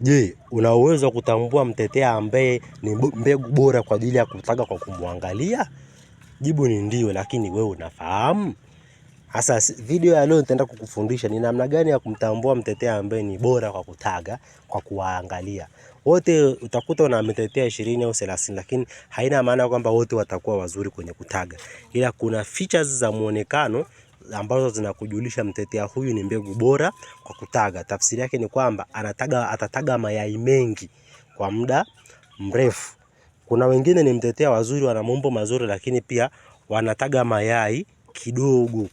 Je, una uwezo wa kutambua mtetea ambaye ni mbegu bora kwa ajili ya kutaga kwa kumwangalia? Jibu ni ndio, lakini wewe unafahamu? Sasa video ya leo nitaenda kukufundisha ni namna gani ya kumtambua mtetea ambaye ni bora kwa kutaga kwa kuwaangalia. Wote utakuta una mtetea ishirini au 30, lakini haina maana kwamba wote watakuwa wazuri kwenye kutaga, ila kuna features za muonekano ambazo zinakujulisha mtetea huyu ni mbegu bora kwa kutaga. Tafsiri yake ni kwamba anataga, atataga mayai mengi kwa muda mrefu. Kuna wengine ni mtetea wazuri, wana maumbo mazuri, lakini pia wanataga mayai kidogo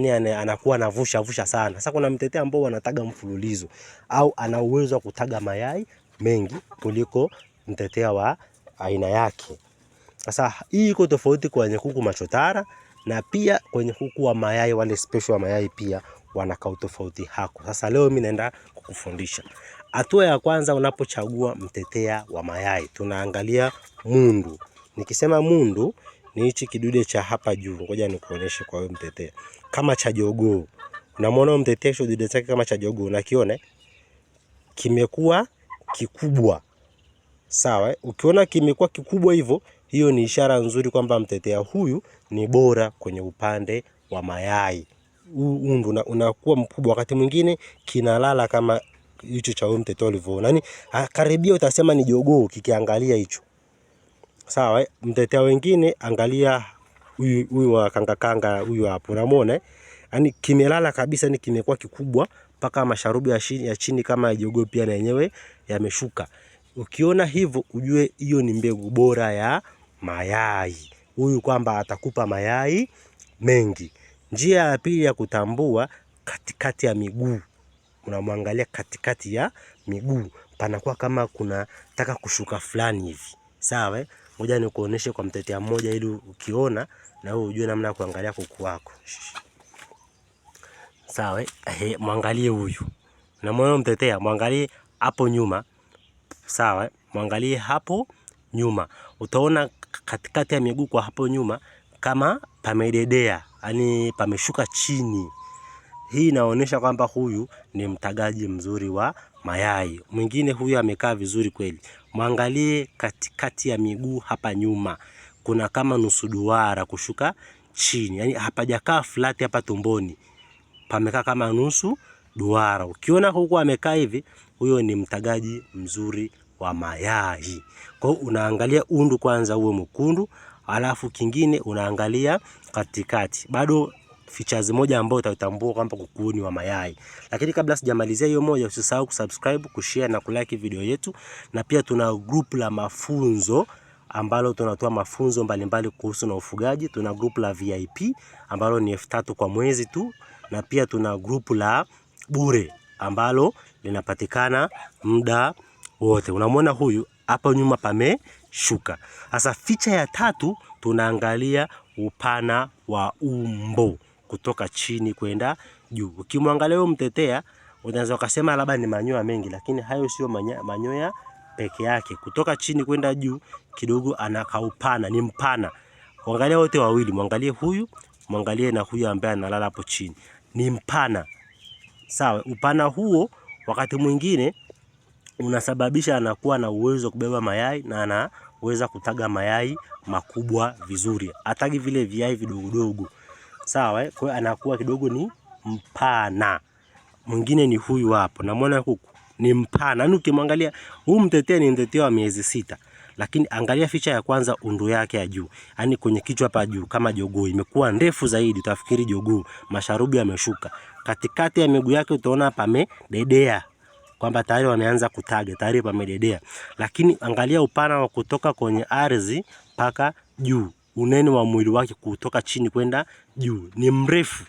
Yani anakuwa anavusha vusha sana. Sasa kuna mtetea ambao wanataga mfululizo au ana uwezo wa kutaga mayai mengi kuliko mtetea wa aina yake. Sasa hii iko tofauti kwenye kuku machotara na pia kwenye kuku wa mayai wale special wa mayai pia wanakaa tofauti hako. Sasa leo mimi naenda kukufundisha hatua ya kwanza unapochagua mtetea wa mayai, tunaangalia mundu. Nikisema mundu ni hichi kidude cha hapa juu, ngoja nikuoneshe kwa wewe mtetea, kama cha jogoo. Unamwona mtetea kidude chake kama cha jogoo, nakione kimekuwa kikubwa, sawa. Ukiona kimekuwa kikubwa hivyo hiyo ni ishara nzuri kwamba mtetea huyu ni bora kwenye upande wa mayai. Huu ndo unakuwa mkubwa, wakati mwingine kinalala kama hicho cha huyu mtetea ulivyoona, yaani ah, karibia utasema ni jogoo kikiangalia hicho. Sawa, eh, mtetea wengine angalia huyu huyu wa kanga kanga huyu hapo, unamwona eh? yani kimelala kabisa, ni yaani kimekuwa kikubwa mpaka masharubu ya chini, ya chini kama jogoo pia na yenyewe yameshuka. Ukiona hivyo ujue hiyo ni mbegu bora ya mayai. Huyu kwamba atakupa mayai mengi. Njia ya pili ya kutambua katikati ya miguu. Unamwangalia katikati ya miguu. Panakuwa kama kuna taka kushuka fulani hivi. Sawa? Eh? Ngoja nikuoneshe kwa mtetea mmoja ili ukiona na wewe ujue namna ya kuangalia kuku wako. Sawa? Eh? Ehe, mwangalie huyu. Unamwona mtetea, mwangalie hapo nyuma. Sawa? Eh? Mwangalie hapo nyuma. Utaona katikati ya miguu kwa hapo nyuma kama pamededea, yani pameshuka chini. Hii inaonyesha kwamba huyu ni mtagaji mzuri wa mayai. Mwingine huyu amekaa vizuri kweli, mwangalie katikati ya miguu hapa nyuma kuna kama nusu duara kushuka chini, yani hapajakaa flat hapa tumboni, pamekaa kama nusu duara. Ukiona huku amekaa hivi, huyo ni mtagaji mzuri wa mayai. Kwa hiyo unaangalia undu kwanza uwe mkundu, alafu kingine unaangalia katikati. Bado features moja ambayo utatambua kwamba kuku ni wa mayai. Lakini kabla sijamalizia hiyo moja, usisahau kusubscribe, kushare na kulike video yetu, na pia tuna group la mafunzo ambalo tunatoa mafunzo mbalimbali kuhusu na ufugaji. Tuna group la VIP ambalo ni elfu tatu kwa mwezi tu, na pia tuna group la bure ambalo linapatikana muda wote. Unamwona huyu hapa nyuma pameshuka. Sasa ficha ya tatu tunaangalia upana wa umbo kutoka chini kwenda juu. Ukimwangalia huyo mtetea unaweza ukasema labda ni manyoya mengi, lakini hayo sio manyoya peke yake. Kutoka chini kwenda juu kidogo upana, ni mpana. Angalia wote wawili, mwangalie huyu, mwangalie na huyu ambaye analala hapo chini, ni mpana. Sawa, upana huo wakati mwingine unasababisha anakuwa na uwezo wa kubeba mayai na anaweza kutaga mayai makubwa vizuri, hatagi vile viai vidogodogo, sawa eh? Kwa hiyo anakuwa kidogo ni mpana. Mwingine ni huyu hapo, namwona huku ni mpana, yaani ukimwangalia huu mtetea ni mtetea wa miezi sita lakini angalia ficha ya kwanza, undu yake ya juu, yani kwenye kichwa hapa juu, kama jogoo imekuwa ndefu zaidi, utafikiri jogoo. Masharubu yameshuka katikati ya miguu yake, utaona pamededea kwamba tayari wameanza kutaga, tayari pamededea. Lakini angalia upana wa kutoka kwenye ardhi mpaka juu, unene wa mwili wake kutoka chini kwenda juu ni mrefu.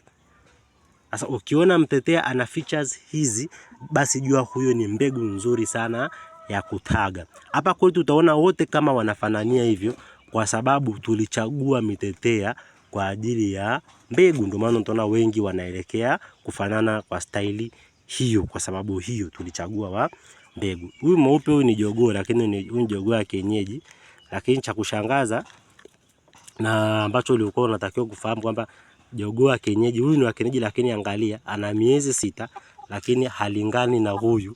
Sasa ukiona mtetea ana features hizi, basi jua huyo ni mbegu nzuri sana ya kutaga. Hapa kwetu utaona wote kama wanafanania hivyo, kwa sababu tulichagua mitetea kwa ajili ya mbegu, ndio maana utaona wengi wanaelekea kufanana kwa staili hiyo, kwa sababu hiyo tulichagua wa mbegu. Huyu mweupe huyu ni jogoo, lakini huyu ni jogoo ya kienyeji. Lakini cha kushangaza na ambacho ulikuwa unatakiwa kufahamu kwamba jogoo ya kienyeji huyu ni wa kienyeji, lakini angalia, ana miezi sita, lakini halingani na huyu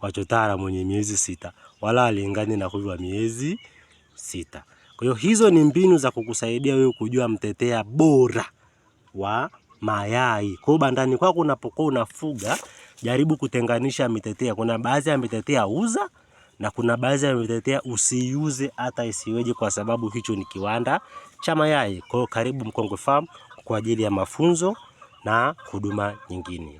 wa chotara mwenye miezi sita, wala halingani na huyu wa miezi sita. Kwa hiyo hizo ni mbinu za kukusaidia wewe kujua mtetea bora wa mayai. Kwa hiyo bandani kwako unapokuwa unafuga jaribu kutenganisha mitetea. Kuna baadhi ya mitetea uza na kuna baadhi ya mitetea usiuze hata isiweje, kwa sababu hicho ni kiwanda cha mayai. Kwa hiyo karibu Mkongwe Farm kwa ajili ya mafunzo na huduma nyingine.